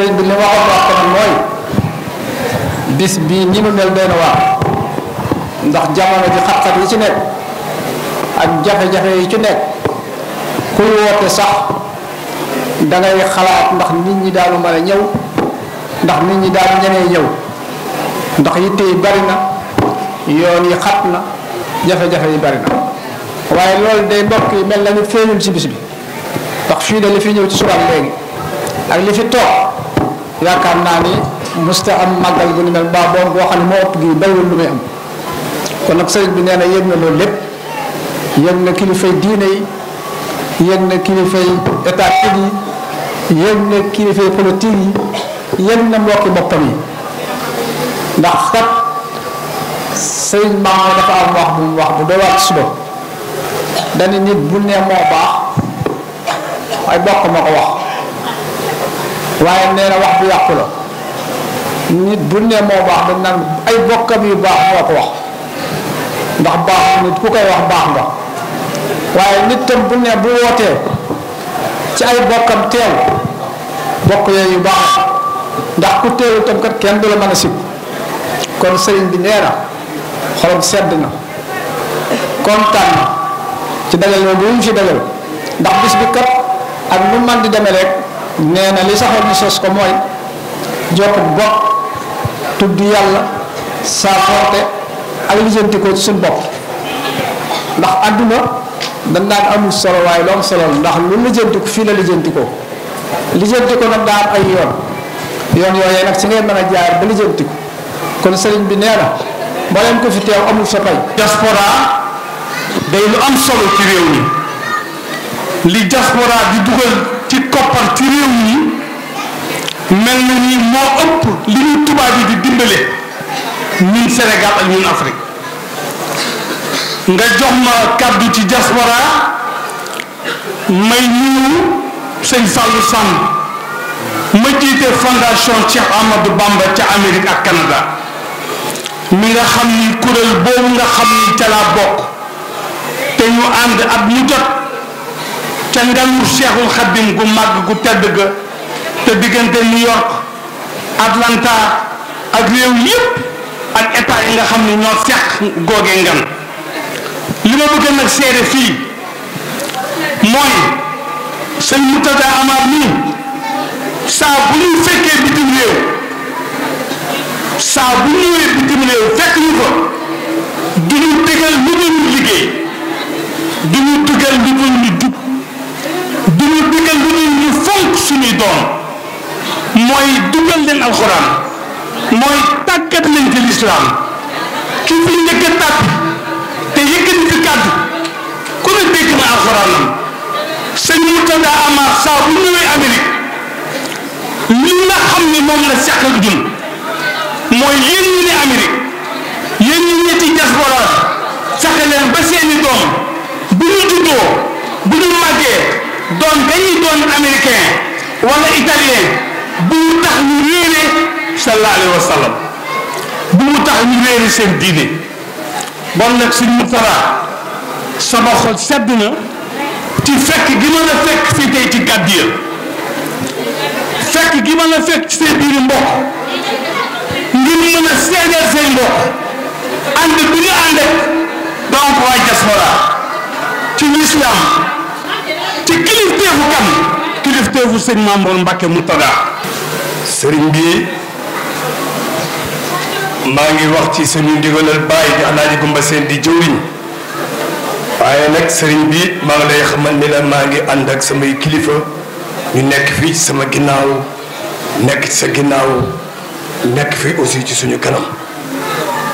sëriñ bi li waxoon wax ko mooy bis bii ni mu mel benn waa ndax jamono ji xat-xat yi ci nekk ak jafe-jafe yi ci nekk kuy woote sax dangay xalaat ndax nit ñi daanu mën a ñëw ndax nit ñi daal ñenee ñëw ndax yitte yi bari na yoon yi xat na jafe-jafe yi bari na waaye loolu day mbokk mel na ni feeñul ci bis bi ndax fii de li fi ñëw ci subaab léegi ak li fi toog yaakaar naa ni musta am màggal bu mel ba boom boo xam ne moo ëpp gi bariwul lu muy am kon nag sëriñ bi nee na yëg na loolu lépp yëg na kilifay diine yi yëg na kilifay état yi yëg na kilifay politique yi yëg na mbokki boppam yi ndax kat sëriñ Maama dafa am wax bu mu wax bu doy waar suba dañu nit bu ne moo baax ay bokk ma ko wax waaye nee na wax bu yàqu la nit bu ne moo baax dañ naan ay bokkam yu baax moo wax ndax baax nit ku koy wax baax nga waaye nit tam bu ne bu wootee ci ay bokkam teew bokk yooyu yu baax ndax ku teewul tam kat kenn du la mën a sib kon sëriñ bi nee na sedd na kontaan na ci dajal loolu bu mu fi dajal ndax bis bi kat ak nu man di deme rek nee na li saxoon ñu sos ko mooy jokk bopp tudd yàlla saafoonte ak lijjanti ko ci suñ bopp ndax àdduna dañ daan amul solo waaye lu am solo ndax lu lijjanti ko fii la lijjanti ko lijjanti ko nag daa am ay yoon yoon yooyee nag ci ngay mën a jaar ba lijjanti kon sëriñ bi nee na mbooleem ko fi teew amul sa pay diaspora day lu am solo ci réew mi li diaspora di dugal ci koppar ci réew yi mel na ni moo ëpp li ñu tubaab yi di dimbale ñun Sénégal ak ñun Afrique nga jox ma kàddu ci diaspora may nuyu sëñ Fallou Samb ma jiite fondation Cheikh Amadou Bamba ca Amérique ak Canada mi nga xam ni kuréel boobu nga xam ni ca laa bokk te ñu ànd at mu jot ca nganu Cheikhul Khadim gu màgg gu tedd ga te diggante New York Atlanta ak réew yépp ak état yi nga xam ne ñoo seq googee ngan li ma bëgg nag seere fii mooy sëñ Moutada Amar nii saa bu ñuy fekkee bitim réew saa bu ñëwee bitim réew fekk ñu ko du ñu tëgal lu dul liggéey du ñu tëgal lu dul ñu digal lu ñuy ñu fonk suñuy doom mooy dugal leen alxuraan mooy tàggat leen ci lislaam ki fi njëkk a tàgg te yëkkati fi kàddu ku ne dégg na alxuraanam sëñ Murtada Amar saa bu ñëwee Amérique li nga xam ne moom la seq ak ñun mooy yéen wala italien bu mu tax ñu réere sallallahu alayhi wa sallam bu mu tax réere seen diine bon nag suñ mu taraa sedd na ci gi ma la fekk fii tey ci gàddiya fekk gi ma fekk ci seen biir mbokk ngir mën a seedeel seen mbokk ànd bi ñu ànd ak donc waa diaspora ci lislaam ci kilifteefu kan kilifteefu sëñ Mamour Mbacke Moutada sëriñ bi maa ngi wax ci suñu ndigalal bàyyi di alaaji gumba seen di jëwriñ waaye nag sëriñ bi maa ngi la xamal ni la maa ngi ànd ak samay kilifa ñu nekk fii ci sama ginnaaw nekk sa ginnaaw nekk fii aussi ci suñu kanam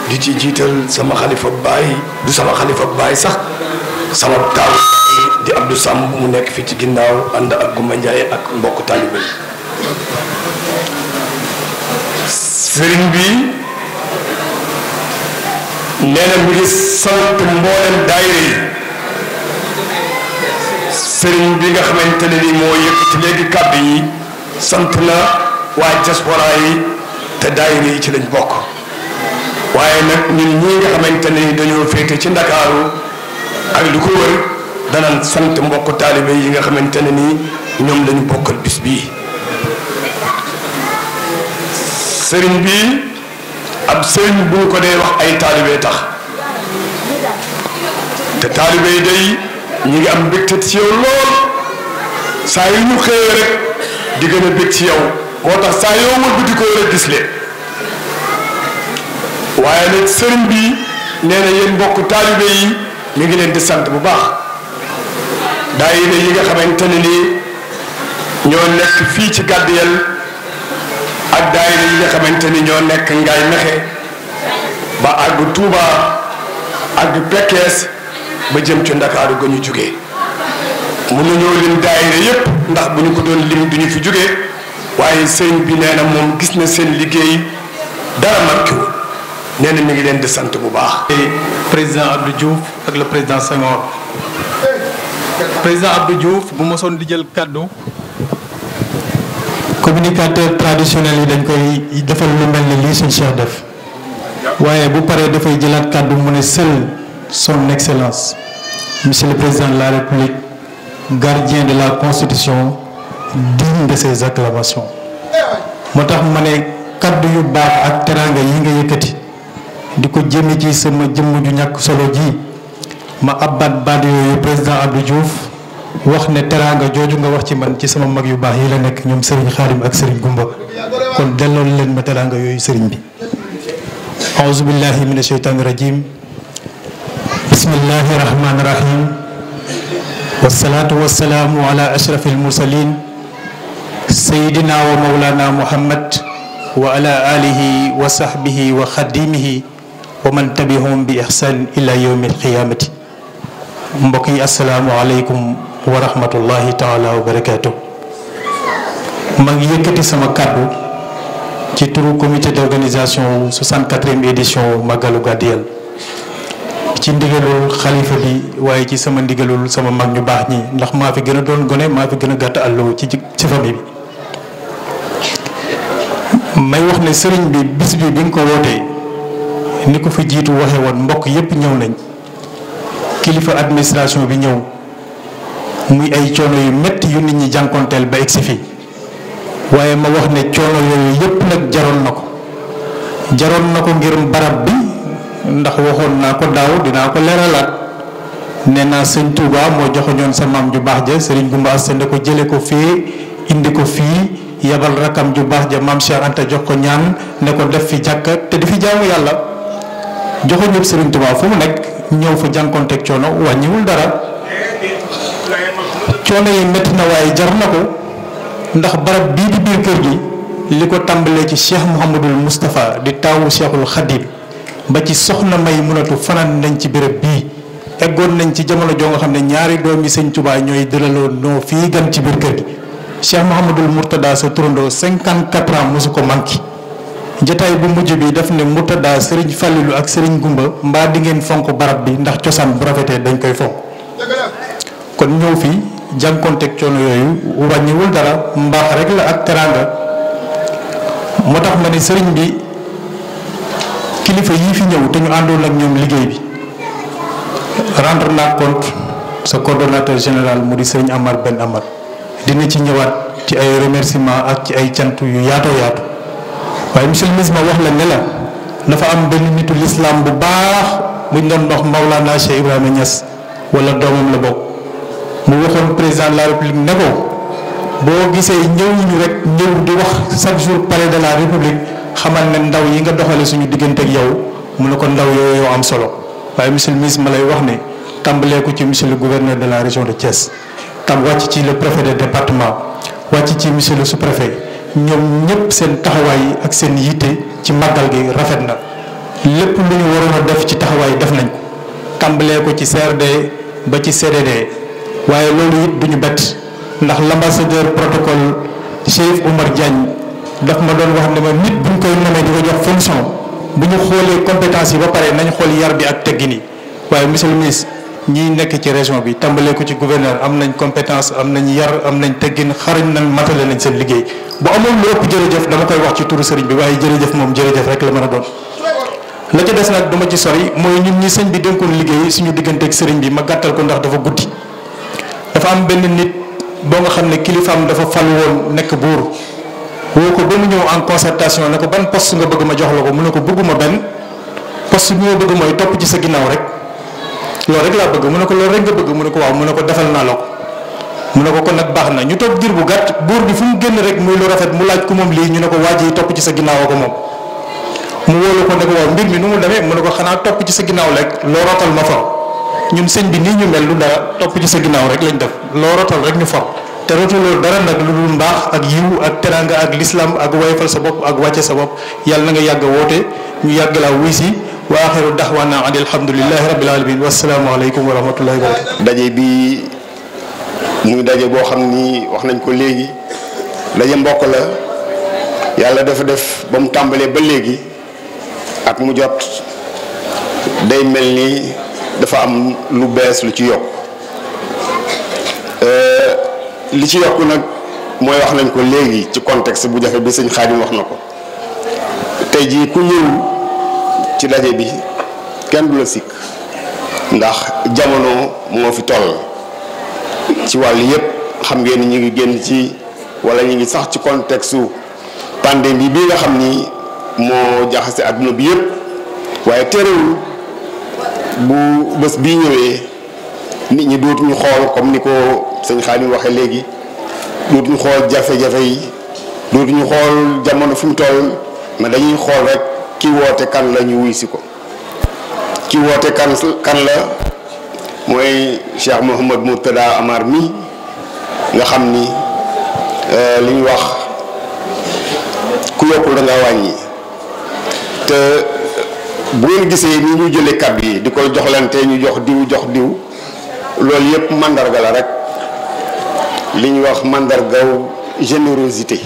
di ci jiital sama xalifa baay du sama xalifa baay sax sama taaw di Abdou Samb mu nekk fii ci ginnaaw ànd ak Gumba Njaay ak mbokk taalibe sëriñ bi nee na ngi sant mboolem daayira yi sëriñ bi nga xamante ne ni moo yëpp ci léegi kàddu yi sant na waa diaspora te daayira yi ci lañ bokk waaye nag ñun ñi nga xamante ne ni dañoo féete ci Ndakaaru ak lu ko wër danañ sant mbokk taalibe yi nga xamante ne nii ñoom lañu bokkal bis bii sëriñ bii ab sëriñ bu ñu ko dee wax ay taalibe tax te taalibe yi day ñu ngi am mbégte ci yow lool saa yu ñu xëyee rek di gën a bég ci yow moo tax saa yoo wër bi di ko war a gis waaye nag sëriñ bi nee na yéen mbokk taalibe yi ñu ngi leen di sant bu baax daayira yi nga xamante ne nii ñoo nekk fii ci Gadeyelle ak daayira yi nga xamante ni ñoo nekk Ngaye Mékhé ba àgg Touba àgg Pekes ba jëm ci Ndakaaru ga ñu jugee mënuñoo lim daayira yépp ndax bu ñu ko doon lim du ñu fi jugee waaye sëñ bi nee na moom gis na seen liggéey dara marqué nee na mi ngi leen di sant bu baax. président Abdou Diouf ak le président Senghor président Abdou Diouf bu mosoon di jël kàddu communicateur traditionnel yi dañ koy defal lu mel ni lii suñ Cheikh def waaye bu paree dafay jëlaat kàddu mu ne seul son excellence monsieur le président de la république gardien de la constitution digne de ses acclamations moo tax ma ne kàddu yu baax ak teraanga yi nga yëkkati di ko jëme ci sama jëmm ju ñàkk solo ji ma abbat baat yooyu président Abdou Diouf wax ne teraanga jooju nga wax ci man ci sama mag yu baax yi la nekk ñoom Serigne Xaadim ak Serigne Gumba kon delloo leen ma teraanga yooyu Serigne bi aouzu billahi min asheytaani rajim bismillahi rahmaani rahim wasalaatu wasalaamu ala ashrafi almursalin sayidina wa maulana muhammad wa ala wa sahbihi wa xadimihi wa man tabihum bi ihsaan ila yawmi alqiyaamati mbokk yi asalaamu aleykum wa rahmatullahi taala wa barakaatu ma ngi yëkkati sama kàddu ci turu comité d'organisation 64e édition Magalu Gàddiyel ci ndigalul xalifa bi waaye ci sama ndigalul sama mag ñu baax nii ndax maa fi gën a doon gone maa fi gën a gàtt àlloo ci ci famille bi may wax ne sëriñ bi bis bi bi nga ko wootee ni ko fi jiitu waxe woon mbokk yépp ñëw nañ kilifa administration bi ñëw muy ay coono yu métti yu nit ñi jànkonteel ba egsi waaye ma wax ne coono yooyu yépp nag jaroon na ko jaroon na ko ngir barab bi ndax waxoon naa ko daaw dinaa ko leeralaat nee naa sëñ Touba moo joxoñoon sa maam ju baax ja sëriñ Gumba Asende ko jële ko fee indi ko fii yabal rakkam ju baax ja maam Cheikh Anta jox ko ñaan ne ko def fi jàkka te di fi jaamu yàlla joxoon ñëpp Serigne Touba fu mu nekk ñëw fa jànkoonteeg coono wàññiwul dara coono yi métti na waaye jar na ko ndax barab bii di biir kër gi li ko tàmbalee ci Cheikh Mouhamadul Moustapha di taawu Cheikhul Khadim ba ci soxna may mënatu fanaan nañ ci béréb bii eggoon nañ ci jamono joo nga xam ne ñaari doomi Sëñ Touba ñooy dëlaloo noo fii gan ci biir kër gi Cheikh Mouhamadul Mourtada sa turandoo 54 ans mosu ko manqué. jataay bu mujj bi daf ne Murtada sëriñ Fàllilu ak sëriñ Gumba mbaa di ngeen fonk barab bi ndax cosaan bu rafetee dañ koy fonk kon ñëw fii jànkonteeg coono yooyu wàññiwul dara mbaax rek la ak teraanga moo tax ma ne sëriñ bi kilifa yii fi ñëw te ñu àndoon ak ñoom liggéey bi rendre naa compte sa coordonnateur général mu di sëriñ Amar Ben Amar dina ci ñëwaat ci ay remerciement ak ci ay cant yu yaatoo yaatu waaye monsieur le ministre ma wax la ne la dafa am benn nitu lislaam bu baax buñ doon wax Maulana Cheikh Ibrahima Niass wala doomam la bokk mu waxoon président la république ne ko boo gisee ñëw ñu rek ñëw di wax chaque jour palais de la république xamal ne ndaw yi nga doxale suñu diggante yow mu ne ko ndaw yooyu yow am solo waaye monsieur le ministre ma lay wax ni tàmbalee ko ci monsieur le gouverneur de la région de Thiès tam wàcc ci le préfet de département wàcc ci monsieur le sous-préfet ñoom ñëpp seen taxawaay ak seen yitte ci màggal gi rafet na lépp lu ñu def ci taxawaay def nañ tàmbalee ko ci CRD ba ci CDD waaye loolu it du ñu bett ndax l'ambassadeur protocole Cheikh Oumar Diagne daf ma doon wax ne ma nit bu ñu koy nomee di ko jox fonction bu ñu xoolee compétence yi ba pare nañu xool yar bi ak teggin waaye monsieur le ñi nekk ci région bi tàmbalee ko ci gouverneur am nañ compétence am nañ yar am nañ teggin xarañ nañ matale nañ seen liggéey bu amoon lu ëpp jërëjëf dama koy wax ci turu sëriñ bi waaye jërëjëf moom jërëjëf rek la mën a doon. la ca des nag du ci sori mooy ñun ñi sëñ bi dénkoon liggéey suñu digganteeg sëriñ bi ma gàttal ko ndax dafa guddi dafa am benn nit boo nga xam ne kilifaam dafa fal woon nekk buur woo ko ba mu ñëw en concertation na ko ban poste nga bëgg ma jox la ko mu ne ko bëgguma benn poste bi ma mooy topp ci sa ginnaaw rek lool rek laa bëgg mu ne ko loolu rek nga bëgg mu ne ko waaw mu ne ko defal naa la ko mu ne ko kon nag baax na ñu toog diir bu gàtt buur bi fu mu génn rek muy lu rafet mu laaj ko moom lii ñu ne ko waaj yi topp ci sa ginnaaw ko moom mu wóolu ko ne ko mi nu mu demee mu ne ko xanaa topp ci sa ginnaaw rek loo rotal ma for ñun sëñ bi nii ñu mel lu dara topp ci sa ginnaaw rek lañ def loo rotal rek ñu for te rotaloo dara nag lu dul mbaax ak yiw ak teranga ak lislam ak wayfal sa bopp ak wàcce sa bopp yàlla na nga yàgg woote ñu yàgg laa wuy si wa axiru daxwaana an alhamdulilahi rabbil alamin wasalaamu aleykum wa rahmatullahi wa barakatu daje bi muy daje boo xam ni wax nañ ko léegi daje mbokk la yàlla dafa def ba mu tàmbalee ba léegi at mu jot day mel ni dafa am lu bees lu ci yokk eh, li ci yokk nag mooy wax nañ ko léegi ci contexte bu jafe bi sëñ Xaadim wax na ko tey jii ku ñëw ci daje bi kenn du la sikk ndax jamono moo fi toll ci wàll yépp xam ngeen ni ñu ngi génn ci wala ñu ngi sax ci contexte su pandémie bi nga xam ni moo jaxase àdduna bi yépp waaye terewul bu bés bii ñëwee nit ñi dootuñu xool comme ni ko sëñ Xaadim waxee léegi dootuñu xool jafe-jafe yi dootuñu xool jamono fi mu toll ma dañuy xool rek. ki woote kan la ñu wuy ko ci woote kan la mooy Cheikh Mouhamad Mourtada Amar mii nga xam ni euh, li ñu wax ku yokkul da wàññi te bu ngeen gisee ni ñu jëlee kàddu yi di koy joxlante ñu jox diw jox diw loolu yëpp mandarga la rek li ñu wax mandargaw générosité.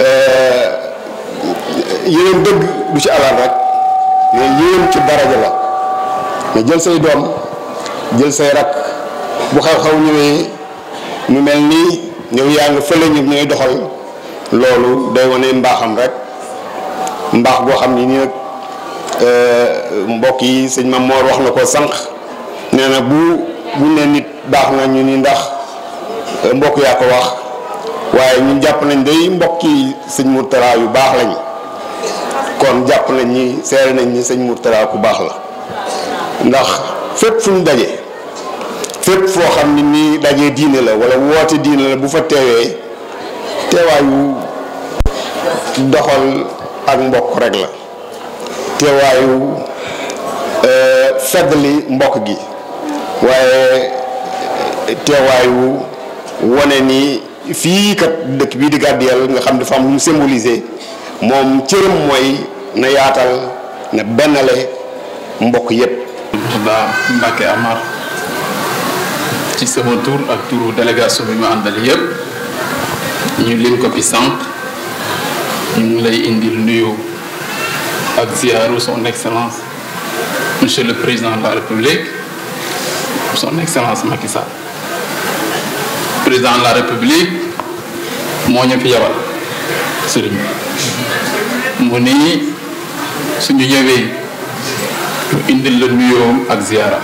Euh, yéen dëgg du ci alal rek mais yéen ci daraja la mais jël say doom jël say rak bu xaw-xaw ñëwee ñu mel nii ñëw yaa nga fële ñu ñooy doxal loolu day wane mbaaxam rek mbaax boo xam ni nii nag euh, mbokk yi sëñ Mame Mor wax na ko sànq nee na bu bu nit baax na ñu ni ndax mbokk yaa ko wax waaye ñun jàpp nañ day mbokk yi sëñ Mourtala yu baax lañ kon jàpp nañ ñi seere nañ ni sëñ Mourtala ku baax la ndax fépp fu ñu daje fépp foo xam ni nii daje diine la wala woote diine la bu fa teewee teewaayu doxal ak mbokk rek la teewaayu euh, feddali mbokk gi waaye teewaayu wane ni fii kat dëkk bii di Gade Yelle nga xam dafa am lu mu symboliser moom cëram mooy na yaatal na bennale mbokk yépp Abdallah Mbacke ci sama tour ak turu délégation bi ma àndal yépp ñu lim ko fi ñu ngi lay indil nuyu ak ziaru son excellence monsieur le président de la république son excellence Macky Sall président de la république moo ñu fi yabal sëriñ mu ni suñu ñëwee ñu indil la nuyoom ak ziyaara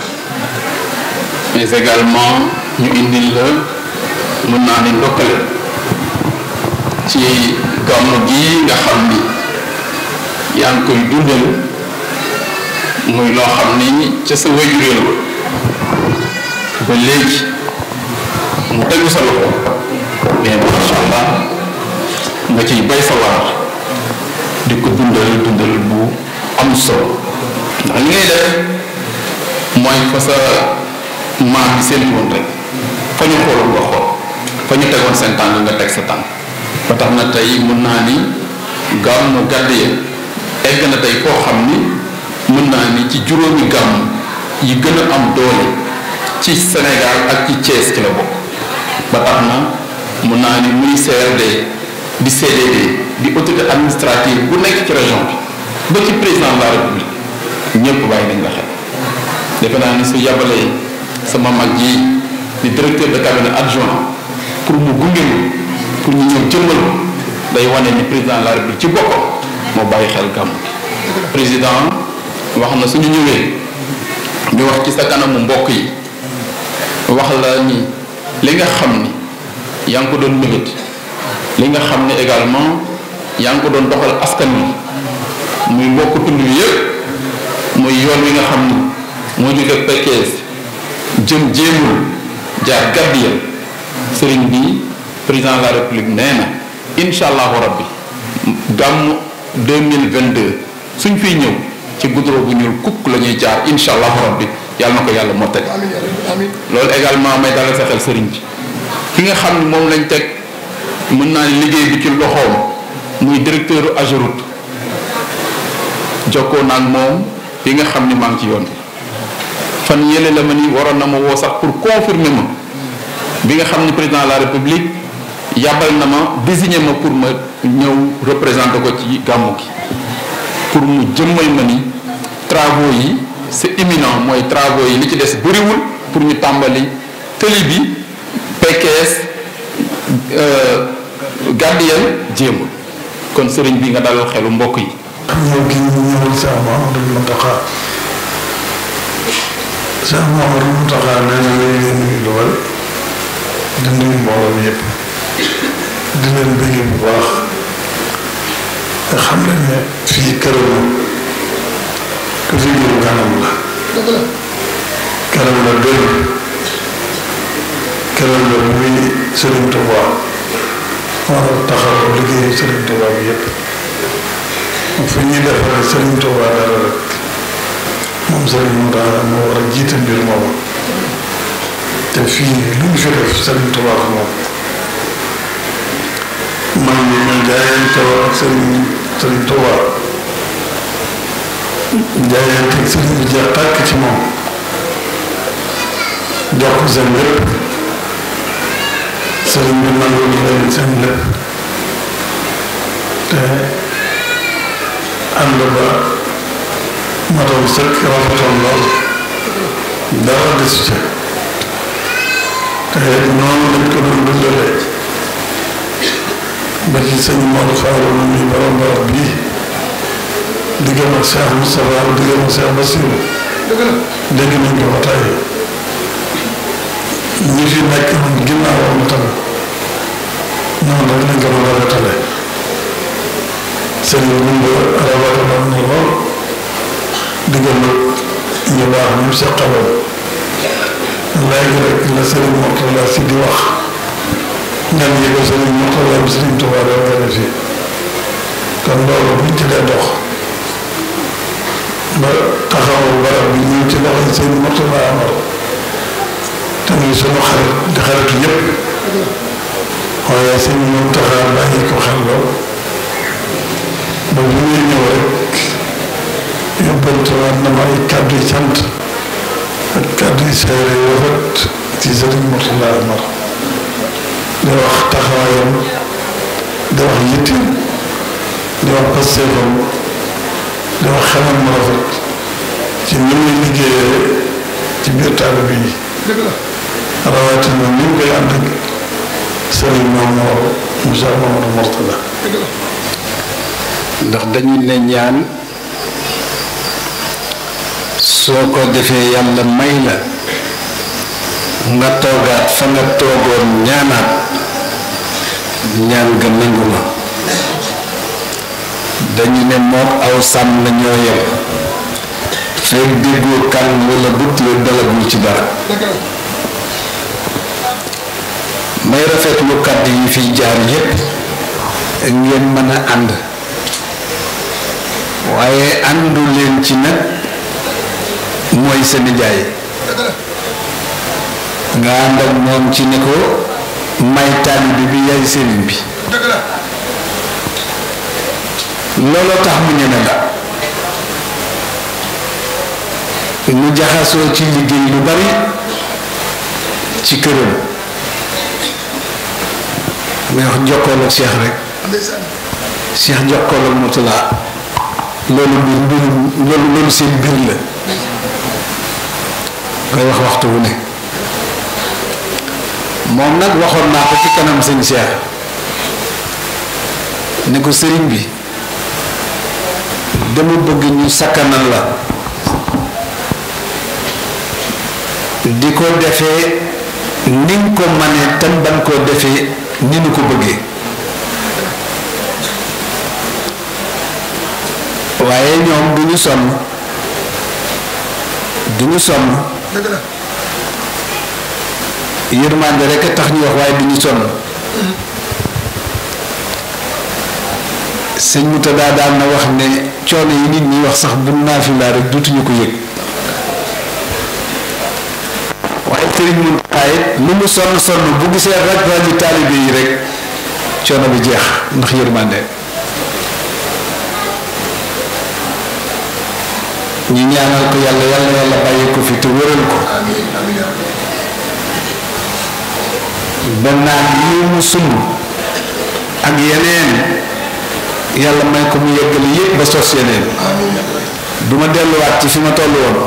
mais également ñu indil la mën naa ni ndokkale ci gàmmu gi nga xam ni yaa ngi koy dundal muy loo xam ni ca sa wajur la ba léegi mu tegu sa loxo mais macha allah nga ciy bay sa waar di ko dundal dundal bu am solo ndax li ngay def mooy fa sa maam bi seen woon rek fa ñu xoolul nga xool fa ñu tegoon seen tànk nga teg sa tànk ba tax na tey mën naa ni gàmmu gàddee egg na tey koo xam ni mën naa ni ci juróomi gàmm yi gën a am doole ci senegal ak ci Thiès ci la bokk ba tax na mën naa ni muy CRD di CDD di autorité administrative bu nekk ci région bi ba ci président la république ñëpp bàyyi nañ la xel defe naa ni su yabalee sama mag ji di directeur de cabinet adjoint pour mu gunge pour ñu ñëw jëmmal day wane ni président la république ci boppam moo bàyyi xel gàmm président wax na suñu ñëwee ñu wax ci sa kanamu mbokk yi wax la ni li nga xam ni yaa ngi ko doon mébét li nga xam ne également yaa ngi ko doon doxal askan wi muy mbokk tund wi yëpp muy yoon wi nga xam ni moo jóge Pekes jëm jéemul jaar Gàddiya sëriñ bi président de la république nee na incha allahu rabbi gàmmu 2022 suñ fiy ñëw ci goudron bu ñuul kukk la ñuy jaar incha allahu rabbi yàlla na ko yàlla teg loolu également may dalal sa xel sëriñ bi ki nga xam ne moom lañ teg mën naa liggéey bi ci loxoom muy directeur Ageroute jokkoo naa ak moom bi nga xam ni maa ngi ci yoon fan yële la ma ni waroon na ma woo sax pour confirmer ma bi nga xam ni président la république yàbbal na ma désigné ma pour ma ñëw représenter ko ci gàmmu gi pour mu jëmmal ma ni travaux yi c'est imminent mooy travaux yi li ci des bëriwul pour ñu tàmbali tëli bi PKS. Euh, gardien jéem kon sëriñ bi nga dalal xelu mbokk yi. ñëw gi ñu ñëwal Cheikh Mouhamadou Mountakha nga xam ne ne fii këram ku fi jël kanam la kanam la gën kanam la muy Sëriñ Tuubaa moo taxaw liggéeyu Serigne Touba bi yëpp fu ñuy defaree Serigne Touba dara rek moom Serigne Moussa moo war a jiite mbir moomu te fii lu ñu fi def Serigne Touba ko moom man mii man jaayante woon ak Serigne Serigne Touba jaayante ak Serigne bi jeex tàkk ci moom jox ko seen lépp. sëriñ bi nangu na leen seen lépp te ànd ba matoon sëkk rafetoon lool dara desu ca te noonu lañ ko doon dundalee ba ci sëñ Maodo Fallou mu muy borom barab bii diggam ak Cheikh Moustapha diggam ak Cheikh Bassirou dégg nañ ko ba tey ñi fi nekk ginnaaw am tam noonu rek lañ ko mën a rëttale sëriñ bi mu na lool diggante ñu baax ñu seqaloon léegi rek la sëriñ Mourtala si di wax ñan yi ko sëriñ Mourtala bi sëriñ Tuubaa doon nga fi kon loolu buñ ci dee dox ba taxawu barab bi ñëw ci loxo sëriñ Mourtala Amar te muy sunu xarit di xaritu ñëpp waaye sëñ Mountakha bàyyi ko xel lool ba bu ñuy ñëw rek yóbbantewaat na ma ay kàddu yu cant ak kàddu yu seere yu rafet ci sëriñ Mourtada Amar di wax taxawaayam di wax yittim di wax pasteefam di wax xelam mu ci ni muy liggéeyee ci biir taalibe bi rawatina ni koy ànd Serigne Mamadou ndax dañu ne ñaan soo ko defee yàlla may la nga toogaat fa nga toogoon ñaanaat ñaan nga nangu na dañu ne moom aw sàmm na ñoo yem fekk déggoo kan wala but la dalagul ci dara may rafetlu kàddu yi fiy jaar yépp ngeen mën a ànd waaye àndu leen ci nag mooy seen jaay nga ànd ak moom ci ne ko may taalibe bi yaay sëriñ bi looloo tax mu ñeme la mu jaxasoo ci liggéey lu bari ci këram may wax jokkoon ak Cheikh rek Cheikh jokkoon ak Mourtala loolu loolu loolu seen mbir la ngay wax waxtu wu ne moom nag waxoon naa ko ci kanam sëñ Cheikh ne ko sëriñ bi dama bëgg ñu sakkanal la di ko defee ni nga ko manee tam ban koo defee ni nu ko bëggee waaye ñoom du ñu sonn du ñu sonn yërmande rek a tax ñu wax waaye du ñu sonn sëñ Moutada daan na wax ne coono yi nit ñi wax sax bu naafilaa rek dutuñu ko yëg waaye sëriñ waaye lu mu sonn sonn bu gisee raj raji taalibe yi rek coono bi jeex ndax yërmande ñu ñaanal ko yàlla yàlla bàyyi ko fi te wëral ko ba naan yi mu sumb ak yeneen yàlla may ko mu yëggale yëpp ba sos yeneen du ma delluwaat ci fi ma toll woon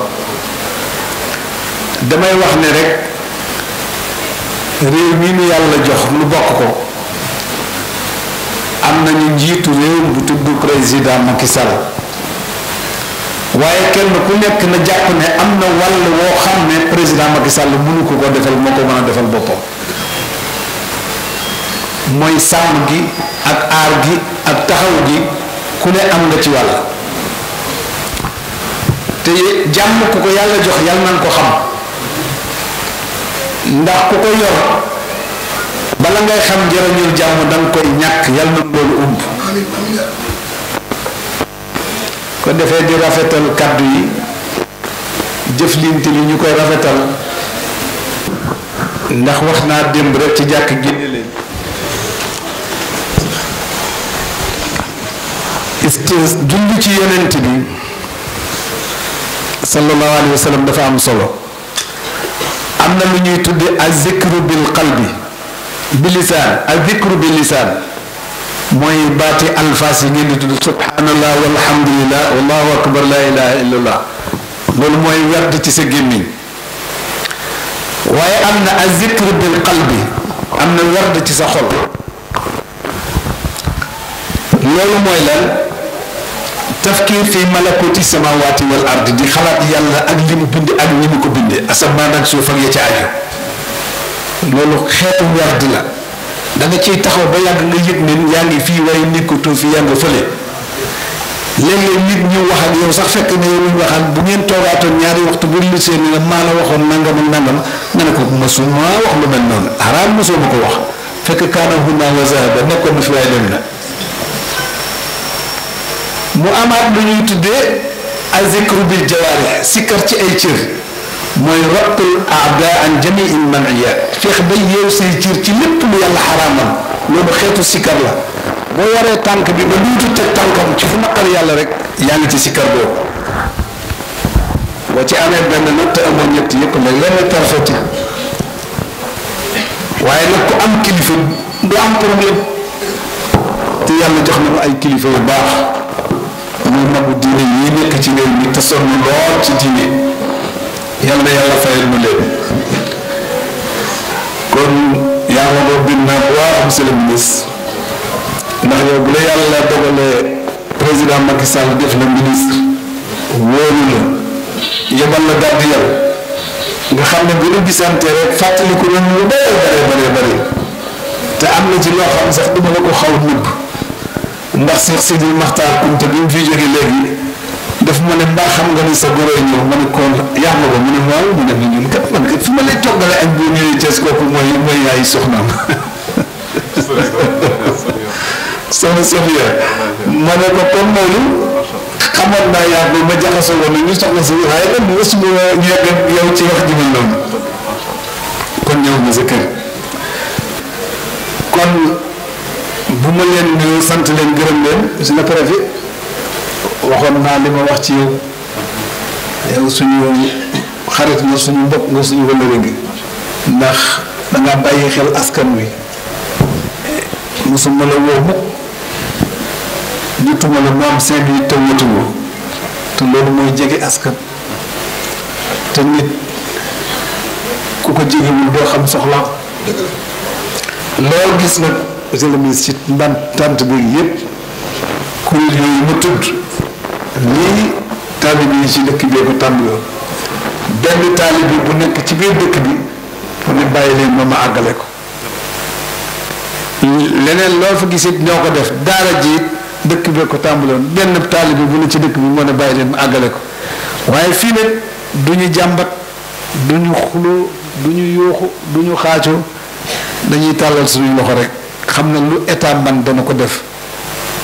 damay wax ne rek réew mi nu yàlla jox lu bokk ko am nañu njiitu réew bu tudd président Macky waaye kenn ku nekk na jàpp ne am na wàll woo xam ne président Macky Sall mënu ko ko defal moo ko mën a defal boppam mooy sàmm gi ak aar gi ak taxaw gi ku ne am nga ci wàll te jàmm ku ko yàlla jox yàlla nañ ko xam ndax ku ko yor bala ngay xam njëriñul jàmm danga koy ñàkk yal na loolu umb ko defee di rafetal kàddu yi jëflinte li ñu koy rafetal ndax wax naa démb rek ci jàkk génne leen julli ci yonent bi sallallahu alayhi wa dafa am solo am na lu ñuy tudde azikru bil qalbi bi lisaan azikru bi lisaan mooy baati alfaas yi ngeen di tudd subhanallah walhamdulillah wallahu akbar la ilaha illallah loolu mooy werd ci sa gémmiñ waaye am na azikru bil qalbi am na werd ci sa xol loolu mooy lan tafkiir fii malakooti samaawaati wal ard di xalaat yàlla ak li mu bind ak ni mu ko bindee asamaan ak suuf ak ya ca aju loolu xeetu la da ciy taxaw ba yàgg nga yëg ne yaa ngi fii waaye nekkatoo fi yaa nga fële léeg nit ñu wax ak yow sax fekk na yow luñ waxaan bu ngeen toogaatoon ñaari waxtu bu lu seen la maa la waxoon nangam ak nangam nga ne ko mosuma wax lu mel noonu xaraam mosuma ko wax fekk kaana hunaa wa zahaba nekkoon na fi waaye dem na. mu amaat lu ñuy tuddee azikru bil jawaarih sikkar ci ay cër mooy rabtul aada an jamii mania feex ba yeew say cër ci lépp lu yàlla xaraamal loolu xeetu sikkar la boo waree tànk bi ba luutu teg tànkam ci fu naqar yàlla rek yaa ngi ci sikkar boobu boo ci amee benn nag te amoon ñett ku am kilifa du yàlla jox ay kilifa yu baax dañuy nangu diine yi nekk ci réew mi te sonn lool ci diine yal na yàlla fayal ma leen kon yaa ma ko bind naa ko waa monsieur le ministre ndax yow bu la yàlla dogalee président Macky Sall def la ministre wóolu la yebal la gàdd yow nga xam ne bu ñu gisante rek fàttaliku nañ lu bëree bëree bëri te am na ci loo xam sax duma la ko xaw nëbb ndax Seex Sidi Maxtaar Kunta bi mu fi jege léegi daf ma ne mbaa xam nga ni sa góor yi ñëw ma kon ko mu ne waaw mu ne ma ñun kat man kat fi ma lay toggalee ak bu ñëwee Thiès kooku mooy yaay ma ne ko kon loolu xamoon naa yaa ko ma jaxasoo woon ñu soxna si mu nag mosuma ñebe ci wax ji ma noonu kon ñëw ma sa kër bu ma leen sant leen gërëm leen monsieur pare préfet waxoon naa li ma wax ci yow yow suñu xarit nga suñu mbokk nga suñu wëllëre gi ndax danga bàyyi xel askan wi mosuma la woo mukk jotuma la moom cinq minutes te wotuma te loolu mooy jege askan te nit ku ko jegewul doo xam soxla loo gis nag monsieur le ministre ci mban tant bi yëpp kuréel ma tudd lii taalib yi ci dëkk bee ko tàmbaloo taalib bi bu nekk ci biir dëkk bi mu ne bàyyi àggale ko leneen gis ñoo ko def daara jiit dëkk bee ko tàmbaloon benn taalib bi bu ci dëkk bi moo ne bàyyi leen ma àggale ko waaye fii nag du ñu jàmbat du xuloo du yuuxu du ñu dañuy tàllal suñu loxo rek xam ne lu état man dana ko def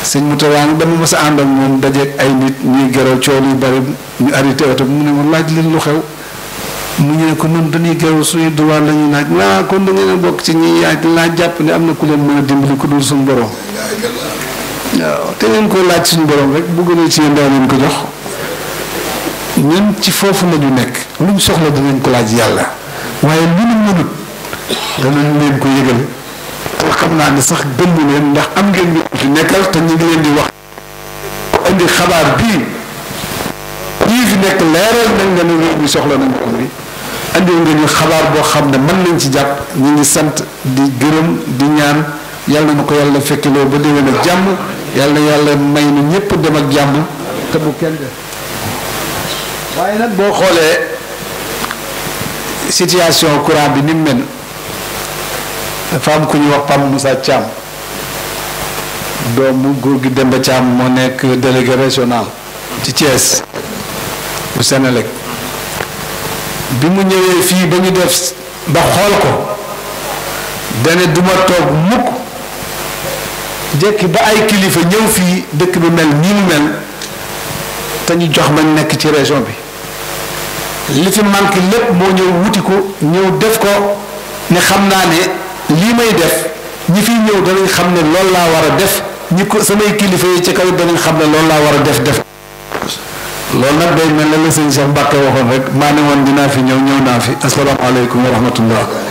sëñ Moutalla dama mës a ànd àndal moom dajeeg ay nit ñuy gërëw coow yu bari ñu arrêté oto mu ne ma laaj leen lu xew mu ñu ne ko noonu dañuy gërëw suñuy droit la ñuy laaj kon da ngeen a jàpp ne am na ku leen mën a dimbali ku dul suñu borom waaw te ngeen ko laaj suñu borom rek bu gënee ci yéen daa ko jox ñun ci foofu la ñu nekk luñ soxla dinañ ko laaj yàlla waaye lu ñu mënut danañ leen ko yëgal. xam naa ni sax gëmmu leen ndax am ngeen ñu fi nekkal te ñu ngi leen di wax indi xabaar bii ñii fi nekk leeral nañ nga ne réew mi soxla nañ ko bi indi nga ñu xabaar boo xam ne mën nañ ci jàpp ñu ngi sant di gërëm di ñaan yàlla na ko yàlla fekkeloo ba déwén ak jàmm yàlla na yàlla may ni ñëpp dem ak jàmm te bu kenn def waaye nag boo xoolee situation courant bi ni mu mel dafa am ku ñuy wax Pam Moussa Thiam doomu góor gi Demba Thiam moo nekk délégué régional ci Thiès bu Sénélec bi mu ñëwee fii ba ñu def ba xool ko dane duma toog mukk jekki ba ay kilifa ñëw fii dëkk bi mel nii mu mel te ñu jox ma nekk ci région bi li fi manqué lépp moo ñëw wuti ko ñëw def ko ne xam naa ne lii may def ñi fi ñëw danañ xam ne loolu laa war a def ñi ko samay kilifa yi ci kaw danañ xam ne loolu laa war a def def loolu nag day mel ne la sëñ Cheikh Mbacke waxoon rek maa ne dinaa fi ñëw ñëw naa fi asalaamaaleykum wa rahmatullah